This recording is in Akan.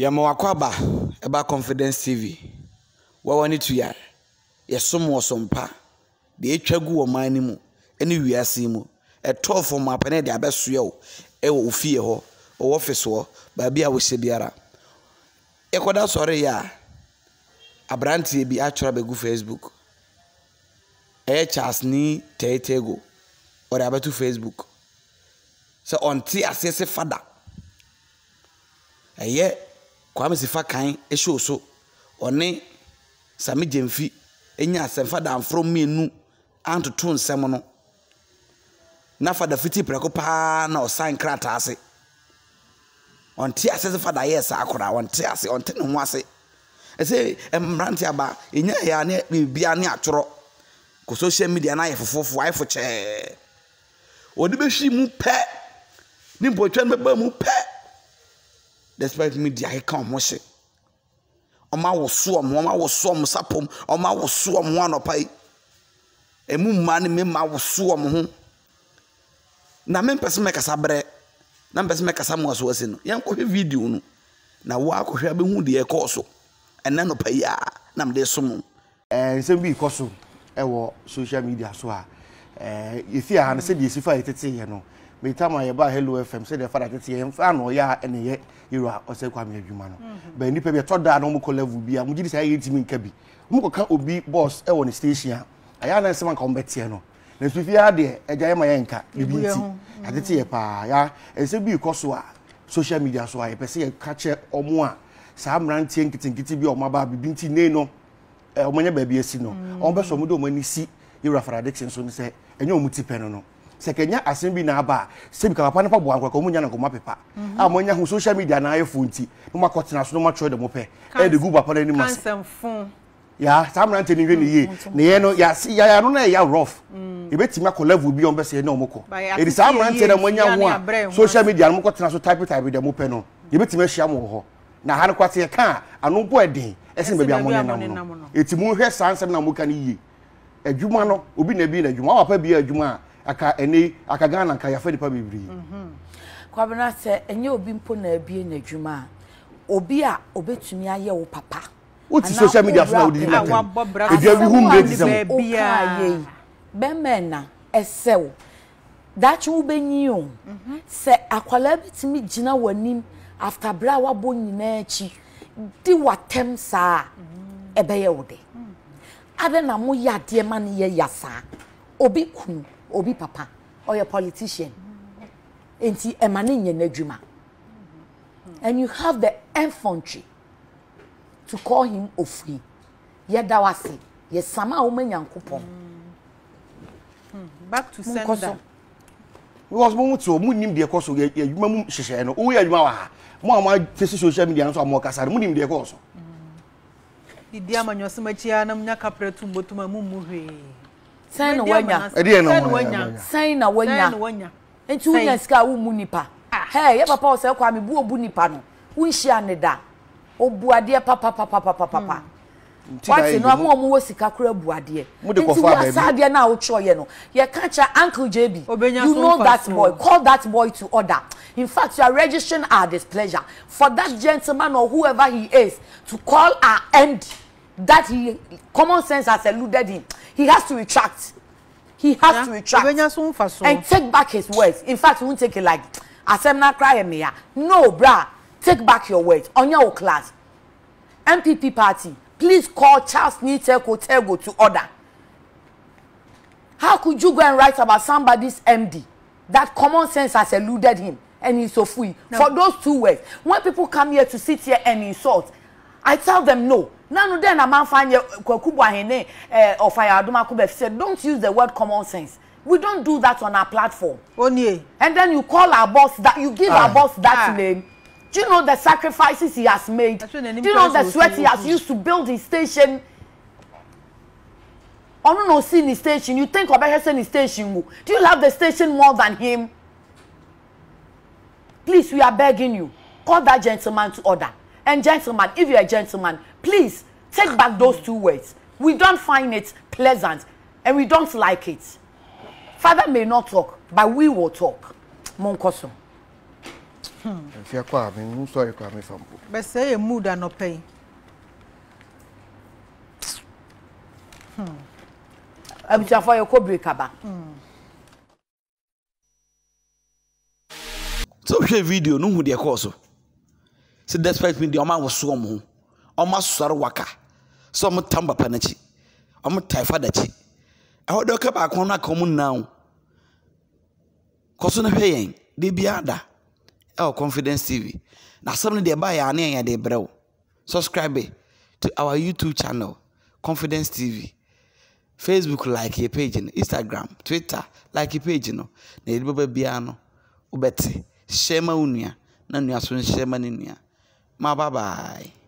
yɛma wakɔ aba ɛba confidence tv wɔwɔ ne tuya yɛsom wɔ sompa deɛ ɛtwa gu wɔ man no mu ne wiase mu ɛtɔɔfo mapa ne de abɛsoɛ wo ɛwɔ ofie hɔ ɔwɔ ɔfis hɔ baabi a wohyɛ biara yɛkɔda sɔreyɛ a aberanteɛ bi atwerɛ abɛgu facebook ɛyɛ charles ne tɛɛtɛɛgo ɔde abɛto facebook sɛ ɔnte aseɛ sɛ fada ɛyɛ kwame sifa kan ɛhyɛ so ɔne sami gyemfi ɛnya asɛmfa danforo mmienu antoto nsɛm no na fada fiti prɛko paa na ɔsan krataa ase ɔnte ase sɛ fada yɛɛ saa koraa ɔnte ase ɔnte ne ho ase ɛsɛ mmerante aba ɛnya yɛ ne biribia ne atworɔ kò social media na ayɛ fofofo ayɛ fo kyɛɛ ɔde bɛhwi mu pɛ ne mpɔtwa no bɛba mu pɛ despite me di aheka ɔmo hye ɔmo awoso ɔmo ɔmo awoso ɔmo sapom ɔmo awoso ɔmo ho anɔpa yi emu mmaa ne mmarima awoso ɔmo ho na mme mpɛsɛ mme kasa brɛ na mpɛsɛ mme kasa mu aso asi no yɛn kɔhwɛ video no na wo akɔhwɛ abɛhu deɛ ɛkɔɔ so ɛnɛ nɔpa yi a nam de so mo. ɛɛ nsɛm bi kɔ so ɛwɔ social media so a ɛɛ yɛsi aha no sɛdeɛ yɛsi fa yɛtete yɛ no by the time I buy Hello FM, say the father can see him, I know ya and yet you are or say kwame adwuma no. But nipa be thought that no mo level bi, mo gidi say yetimi nka bi. Mo ko obi boss e eh, won station. Aya na se man ka ombete no. Na so fi ya de e gya ma ya nka e nti. Adete ye pa ya e bi ko so a social media so a e pese ye ka che omo a saa mmeranteɛ nketenkete bi a ɔmo aba bibi nti nee no ɔmo eh, nyɛ no ɔmo bɛ sɔ ɔmo de ɔmo ani no sɛ kɛnya asɛm bi na aba a sɛbi ka papa no pa boa mu nya na nkɔmɔ pepa mhm. a mo nya ho social media na ayɛ fo nti na mo akɔtena so na mo atwerɛ de mo pɛ ɛde gu papa no anim ase ya saa mmeranteɛ ni nhwɛ ni yie mhm, ne yɛ no ya no na ɛyɛ rough yɛbɛtumi mhm. akɔ level bi a ɔmbɛsɛ yɛ na ɔmokɔ ɛde saa mmeranteɛ no moanya ho a social media no mokɔtena so type type deɛ mopɛ no yɛbɛtumi ahyia mo wɔ hɔ na ha no kwate yɛka a ano bɔ ɛden ɛsene baabi a mo nenam no ɛti mohwɛ saa nsɛm na moka no yie adwuma no obi na bi na adwuma wapa bi yɛ adwuma a aka ɛne aka ghana nka yɛafɛ nipa bebree mhm. kwabena obi mpo na abie n'adwuma obi a wo papa wote social media so na wodidi natam bi hu mmere te mhm. w'anim after a wabɔ di mhm. ade na moyɛ adeɛ ma no yɛ ya saa obi kunu obi papa ɔyɛ politician nti ɛma ne nyɛ n'adwuma and you have the infantry to call him ofiri yɛda wase yɛsama a wɔma nyankopɔn back to sender because mo mutu mo nim de koso ye adwuma mu hyehye no wo ye adwuma wa ha mo ama face social media no so amo kasa mo nim de koso didi ama nyosemakyi anam nya kapre tumbo tuma mu mu hwee sɛn na wanya sɛn na wanya nti wonya sika a womu nipa hɛ ah. yɛ papa wɔ sɛ kɔ a mebu obu nipa no wonhyia ne da obu adeɛ papapapapapa hmm. wate no amu ɔmo wɔ sika kora bu adeɛ nti wasa adeɛ na awotwerɛ yɛ no yɛka kyerɛ uncle jb you know that boy call that boy to order in fact you are registering our displeasure for that gentleman or whoever he is to call our end that he common sense has eluded him he has to retract he has yeah. to retract and take back his words in fact he won't take it like asem na cry me ya no bra take back your words on your class MPP party please call Charles Niteko Tego to order how could you go and write about somebody's MD that common sense has eluded him and he's so free no. for those two words when people come here to sit here and insult I tell them no. Nanu then a man find Kwakubwa Hene eh, or Fire Aduma Kube said, don't use the word common sense. We don't do that on our platform. Only. And then you call our boss that you give ah. our boss that ah. name. Do you know the sacrifices he has made? Do you know the sweat he has used to build his station? ọ̀nà náà sí the station you think ọbẹ̀ ṣẹ́ṣẹ́ the station wo do you love the station more than him please we are begging you call that gentleman to order And gentlemen, if you're a gentleman, please take back those two words. We don't find it pleasant and we don't like it. Father may not talk, but we will talk. Monkoso. If you're say a mood and not pay. abusuafo yɛ kɔ break aba. sɛ wohwɛ video no hu deɛ kɔɔ sɛ despite me deɛ ɔma woso ɔmo ho ɔmo asɔre waka sɛ ɔmo tam papa n'akyi ɔmo tae fa n'akyi ɛhɔ deɛ ɔka baako no aka ɔmo nnan o no hwɛ yɛn de da ɛwɔ confidence tv na asɛm no deɛ ɛbaa yɛ ane yɛn de brɛ subscribe to our youtube channel confidence tv facebook like yɛ page no instagram twitter like yɛ page no na yɛde bɛba biara no wobɛte hyɛ ma wo nua na nua so nhyɛ ma ne nua 妈，拜拜。